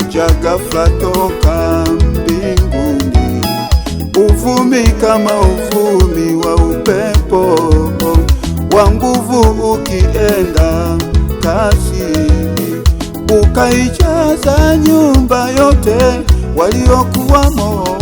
kaja ghafla toka mbinguni, uvumi kama uvumi wa upepo wa nguvu ukienda kasi, ukaijaza nyumba yote waliokuwamo.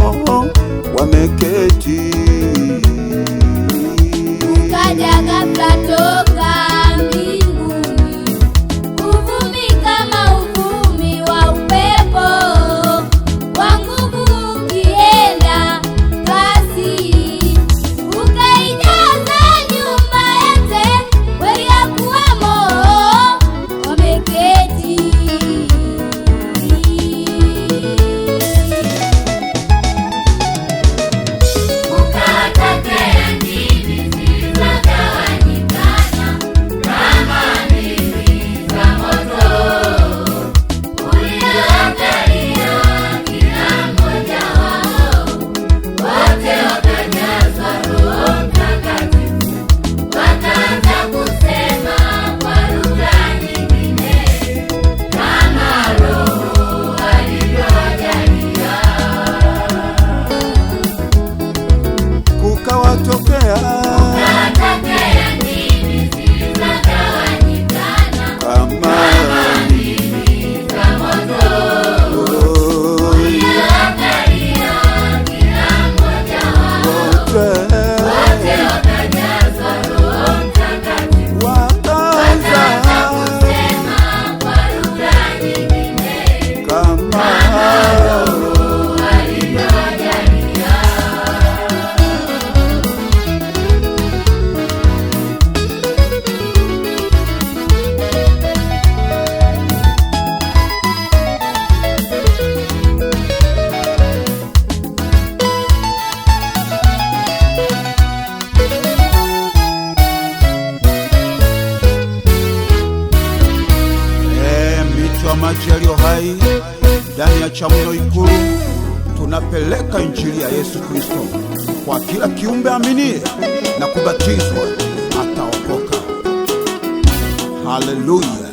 hai ndani ya Chamwino Ikulu tunapeleka injili ya Yesu Kristo kwa kila kiumbe aminie na kubatizwa ataokoka. Haleluya!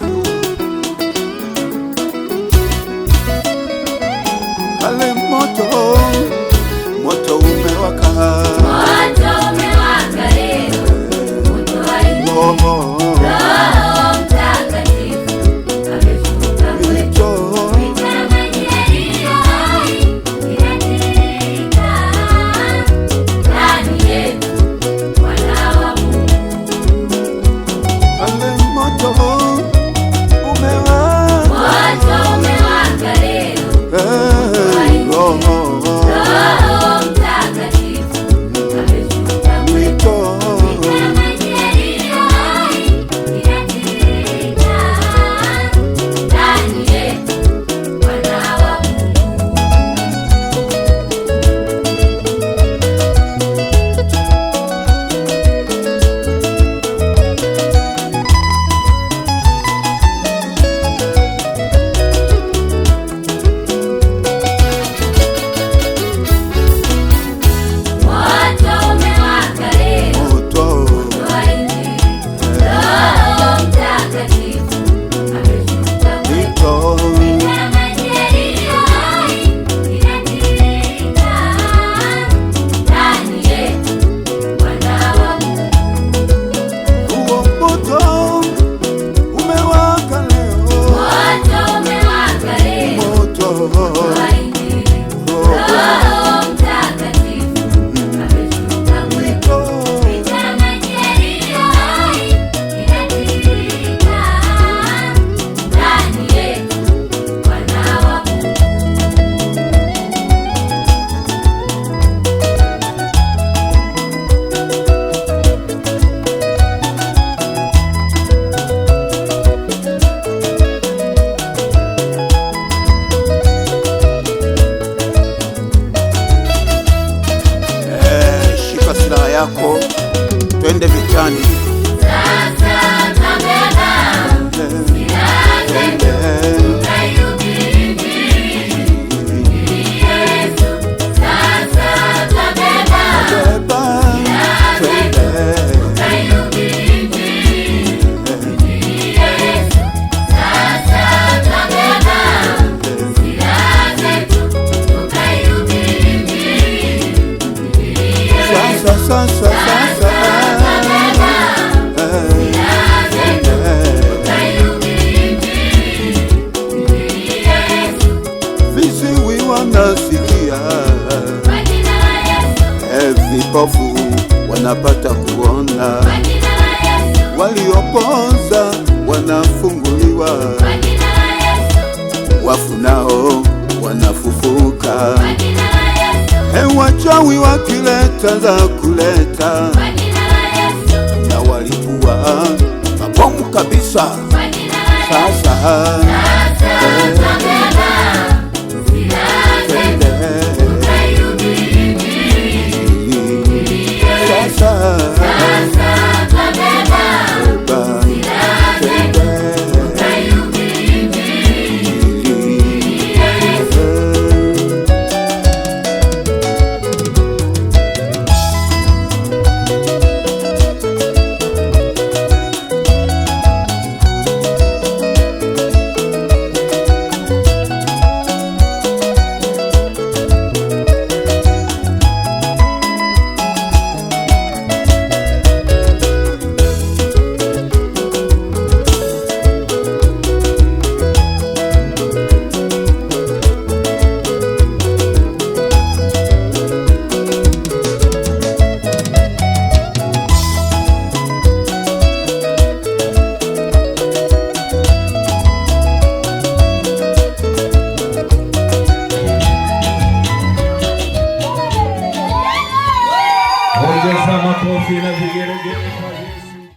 wanapata kuona, walioponza wanafunguliwa, wafu nao wanafufuka. He, wachawi wakileta za kuleta, na walipua mabomu kabisa sasa